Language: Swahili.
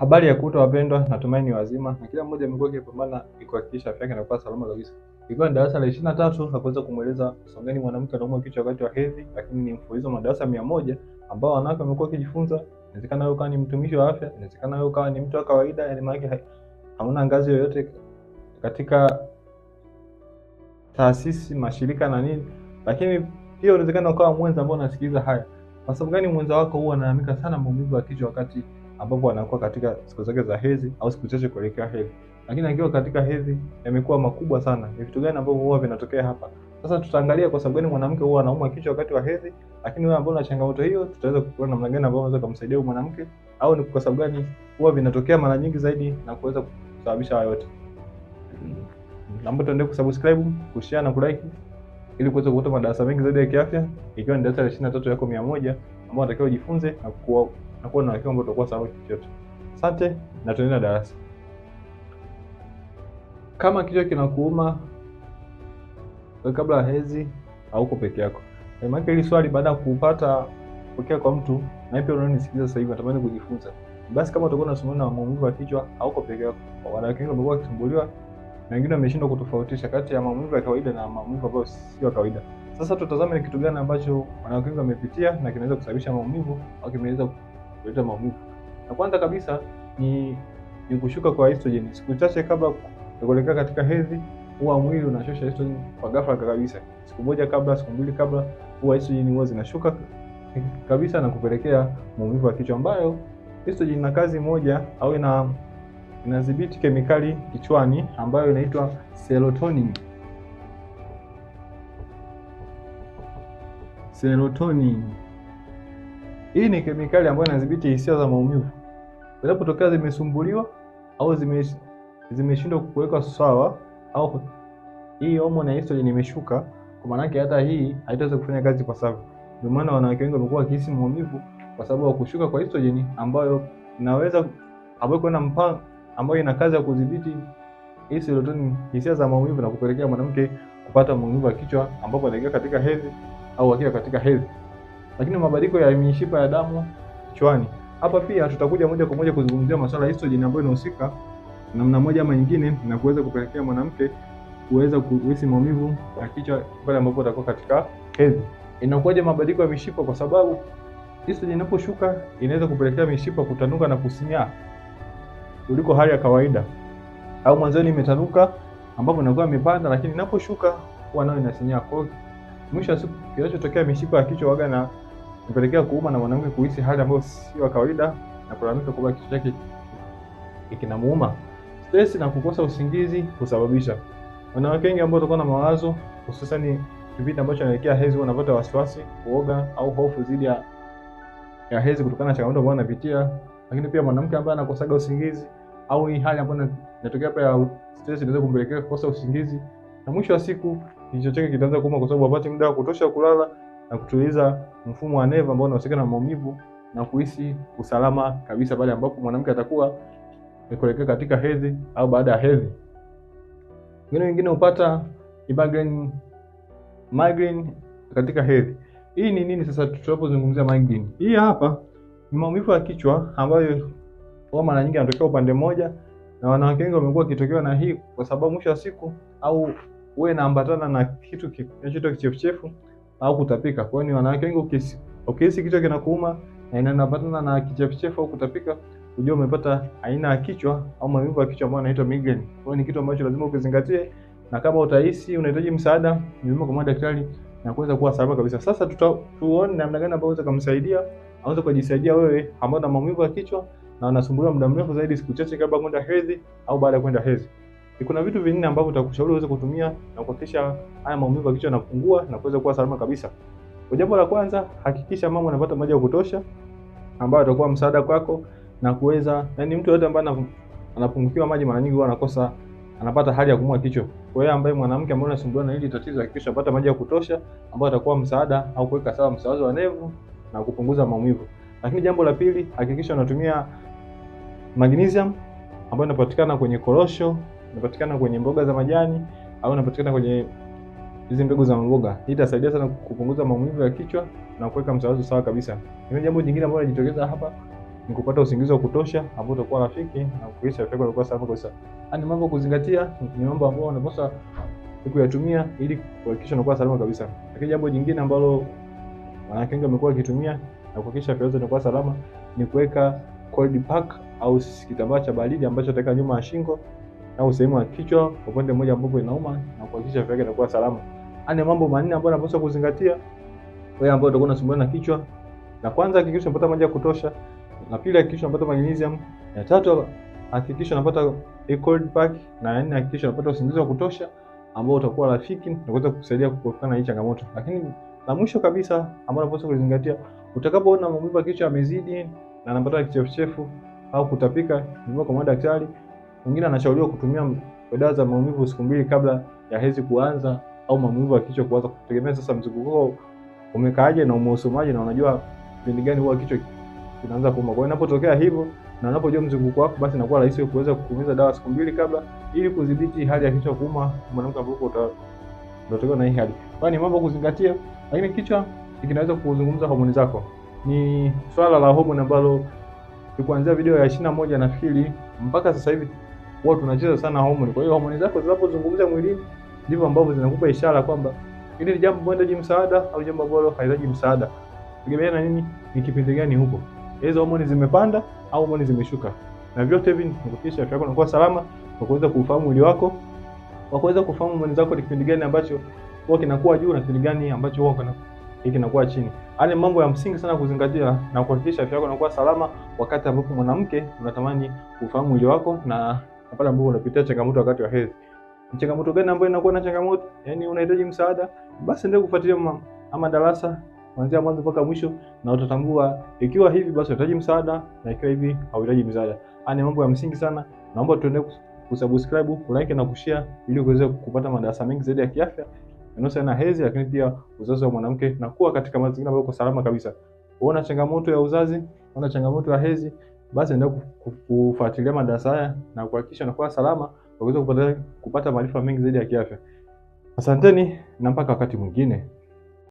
Habari ya kuto wapendwa, natumaini wazima na kila mmoja amekuwa akipambana kuhakikisha afya yake inakuwa salama kabisa. Ikiwa ni darasa la ishirini na tatu la kuweza kumweleza songeni mwanamke anaumwa kichwa wakati wa hedhi, lakini ni mfululizo wa madarasa mia moja ambao wanawake wamekuwa wakijifunza. Inawezekana wewe ukawa ni mtumishi wa afya, inawezekana wewe ukawa ni mtu wa kawaida, yani maana yake hamna ngazi yoyote katika taasisi, mashirika na nini, lakini pia inawezekana ukawa mwenza ambao unasikiliza haya. Kwa sababu gani mwenza wako huwa analalamika sana maumivu ya kichwa wakati ambapo anakuwa katika siku zake za hedhi au siku chache kuelekea hedhi. Lakini akiwa katika hedhi yamekuwa makubwa sana. Ni vitu gani ambavyo huwa vinatokea hapa? Sasa tutaangalia kwa sababu gani mwanamke huwa anaumwa kichwa wakati wa hedhi, lakini wewe ambaye una changamoto hiyo, tutaweza kukuona namna gani ambavyo unaweza kumsaidia huyo mwanamke au ni kwa sababu gani huwa vinatokea mara nyingi zaidi na kuweza kusababisha hayo yote. Naomba tuendelee kusubscribe, kushare na kulike ili kuweza kupata madarasa mengi zaidi ya kiafya, ikiwa ni darasa la 23 yako 100 ambao unatakiwa ujifunze na kuwa nakuwa na hakika kwamba utakuwa salama chochote. Asante na tuendelee na darasa. Kama kichwa kinakuuma kabla ya hedhi, hauko peke yako. Maana hili swali baada ya kupata pokea kwa mtu na pia unanisikiliza sasa hivi natamani kujifunza. Basi kama utakuwa unasumbuliwa na maumivu ya kichwa, hauko peke yako. Wanawake wengi wamekuwa wakisumbuliwa na wengine wameshindwa kutofautisha kati ya maumivu ya kawaida na maumivu ambayo sio ya kawaida. Sasa tutazame ni kitu gani ambacho wanawake wengi wamepitia na kinaweza kusababisha maumivu au kimeweza kuleta maumivu. Na kwanza kabisa ni, ni kushuka kwa estrogen. Siku chache kabla ya kuelekea katika hedhi huwa mwili unashusha estrogen kwa ghafla kabisa. Siku moja kabla, siku mbili kabla, huwa estrogen huwa zinashuka kabisa na kupelekea maumivu ya kichwa, ambayo estrogen ina kazi moja au ina inadhibiti kemikali kichwani ambayo inaitwa serotonin. Serotonin hii ni kemikali ambayo inadhibiti hisia za maumivu zinapotokea zimesumbuliwa au zimeshindwa zime kuwekwa sawa, au hii homoni ya estrogen imeshuka, kwa maana yake hata hii haitaweza kufanya kazi kwa sababu. Ndio maana wanawake wengi wamekuwa wakihisi maumivu kwa sababu ya kushuka kwa estrogen ambayo inaweza ambayo kuna mpango ambayo ina kazi ya kudhibiti serotonin hisia za maumivu na kupelekea mwanamke kupata maumivu ya kichwa ambapo anaingia katika hedhi au akiwa katika hedhi lakini mabadiliko ya mishipa ya damu kichwani. Hapa pia tutakuja moja kwa moja kuzungumzia masuala ya estrogen ambayo inahusika namna moja ama nyingine na kuweza kupelekea mwanamke kuweza kuhisi maumivu ya kichwa pale ambapo atakuwa katika hedhi. Inakuwaje mabadiliko ya mishipa? Kwa sababu estrogen inaposhuka inaweza kupelekea mishipa kutanuka na kusinyaa kuliko hali ya kawaida, au mwanzoni imetanuka ambapo inakuwa imepanda, lakini inaposhuka huwa nayo inasinyaa. Kwa hiyo mwisho wa siku kinachotokea mishipa ya kichwa waga na kupelekea kuuma na mwanamke kuhisi hali ambayo sio kawaida na kulalamika kwamba kichwa chake kinamuuma. Stress na kukosa usingizi husababisha wanawake wengi ambao watakuwa na mawazo hususan kipindi ambacho anaelekea hedhi, wanapata wasiwasi, kuoga au hofu dhidi ya ya hedhi kutokana na changamoto ambayo anapitia. Lakini pia mwanamke ambaye anakosaga usingizi au hii hali ambayo inatokea pia ya stress inaweza kumpelekea kukosa usingizi, na mwisho wa siku kichwa chake kitaanza kuuma kwa sababu hapati muda wa kutosha kulala na kutuliza mfumo wa neva ambao unahusika na maumivu na kuhisi usalama kabisa pale ambapo mwanamke atakuwa kuelekea katika hedhi au baada ya hedhi. Wengine wengine hupata migraine migraine katika hedhi. Hii ni nini sasa tunapozungumzia migraine? Hii hapa ni maumivu ya kichwa ambayo kwa mara nyingi yanatokea upande mmoja na wanawake wengi wamekuwa wakitokewa na hii kwa sababu mwisho wa siku au uwe naambatana na kitu kinachoitwa kichefuchefu au kutapika. Kwa hiyo ni wanawake wengi ukisi ukisi kichwa kinakuuma na inapatana na kichefuchefu au kutapika, ujue umepata aina ya kichwa au maumivu ya kichwa ambayo yanaitwa migraine. Kwa hiyo ni kitu ambacho lazima ukizingatie, na kama utahisi unahitaji msaada, ni vyema kumwona daktari na kuweza kuwa salama kabisa. Sasa tuta, tuone namna gani ambao unaweza kumsaidia aweze kujisaidia wewe ambao una maumivu ya kichwa na unasumbuliwa muda mrefu zaidi siku chache kabla kwenda hedhi au baada ya kwenda hedhi ni kuna vitu vinne ambavyo utakushauri uweze kutumia na kuhakikisha haya maumivu ya kichwa yanapungua na kuweza kuwa salama kabisa. Kwa jambo la kwanza, hakikisha mama anapata maji ya kutosha ambayo atakuwa msaada kwako na kuweza yani, mtu yote ambaye anapungukiwa maji mara nyingi huwa anakosa anapata hali ya kumwa kichwa. Kwa hiyo ambaye mwanamke ambaye anasumbuliwa na hili tatizo, hakikisha anapata maji ya kutosha ambayo atakuwa msaada au kuweka sawa msawazo wa nevu na kupunguza maumivu. Lakini jambo la pili, hakikisha unatumia magnesium ambayo inapatikana kwenye korosho unapatikana kwenye mboga za majani au unapatikana kwenye hizi mbegu za mboga. Hii itasaidia sana kupunguza maumivu ya kichwa na kuweka mtawazo sawa kabisa. Ni jambo jingine ambalo linajitokeza hapa ni kupata usingizi wa kutosha ambao utakuwa rafiki na kuhisi afya yako sawa kabisa. Ani mambo kuzingatia ni mambo ambayo unapaswa kuyatumia ili kuhakikisha unakuwa salama kabisa. Lakini jambo jingine ambalo wanawake wengi wamekuwa wakitumia na kuhakikisha afya yao inakuwa salama ni kuweka cold pack au kitambaa cha baridi ambacho utaweka nyuma ya shingo au sehemu ya kichwa upande mmoja ambapo inauma na kuhakikisha afya yake inakuwa salama. Haya mambo manne ambayo unapaswa kuzingatia wewe ambaye utakuwa unasumbua na kichwa. La kwanza, hakikisha unapata maji ya kutosha. La pili, hakikisha unapata magnesium. Ya tatu, hakikisha unapata a cold pack, na nne, hakikisha unapata usingizi wa kutosha ambao utakuwa rafiki na kuweza kukusaidia kuepukana na hii changamoto. Lakini la mwisho kabisa ambalo unapaswa kuzingatia, utakapoona maumivu ya kichwa yamezidi na unapata kichefuchefu au kutapika, ndio kwa daktari Mwingine anashauriwa kutumia dawa za maumivu siku mbili kabla ya hedhi kuanza au maumivu ya kichwa kuanza, kutegemea sasa mzunguko wako umekaaje na umeusomaje na unajua kipindi gani huwa kichwa kinaanza kuuma. Kwa hiyo inapotokea hivyo na unapojua mzunguko wako, basi inakuwa rahisi kuweza kutumiza dawa siku mbili kabla, ili kudhibiti hali ya kichwa kuuma mwanamke ambapo utatokewa na hii hali. Kwa hiyo ni mambo kuzingatia, lakini kichwa kinaweza kuzungumza homoni zako. Ni swala la homoni ambalo kuanzia video ya 21 nafikiri mpaka sasa hivi huwa tunacheza sana homoni. Kwa hiyo homoni zako zinapozungumza mwilini ndivyo ambavyo zinakupa ishara kwamba ili ni jambo ambalo linahitaji msaada au jambo ambalo halihitaji msaada. Tegemea na nini, ni kipindi gani huko. Hizo homoni zimepanda au homoni zimeshuka. Na vyote hivi ni kuhakikisha afya yako inakuwa salama kwa kuweza kufahamu mwili wako, kwa kuweza kufahamu homoni zako ni kipindi gani ambacho huwa kinakuwa juu na kipindi gani ambacho huwa kinakuwa chini. Haya mambo ya msingi sana kuzingatia na kuhakikisha afya yako inakuwa salama wakati ambapo mwanamke unatamani kufahamu mwili wako na na pale ambapo unapitia changamoto wakati wa hedhi, ni changamoto gani ambayo inakuwa na changamoto, yani unahitaji msaada, basi endelea kufuatilia ama darasa kuanzia mwanzo mpaka mwisho, na utatambua ikiwa hivi basi unahitaji msaada na ikiwa hivi hauhitaji msaada. Haya ni mambo ya msingi sana, naomba tuende kusubscribe, kulike na kushare ili uweze kupata madarasa mengi zaidi ya kiafya yanayohusiana na hedhi, lakini pia uzazi wa mwanamke na kuwa katika mazingira ambayo uko salama kabisa. Uona changamoto ya uzazi, uona changamoto ya hedhi basi endelea kufuatilia madarasa haya na kuhakikisha unakuwa salama kwa kuweza kupata, kupata maarifa mengi zaidi ya kiafya. Asanteni na mpaka wakati mwingine.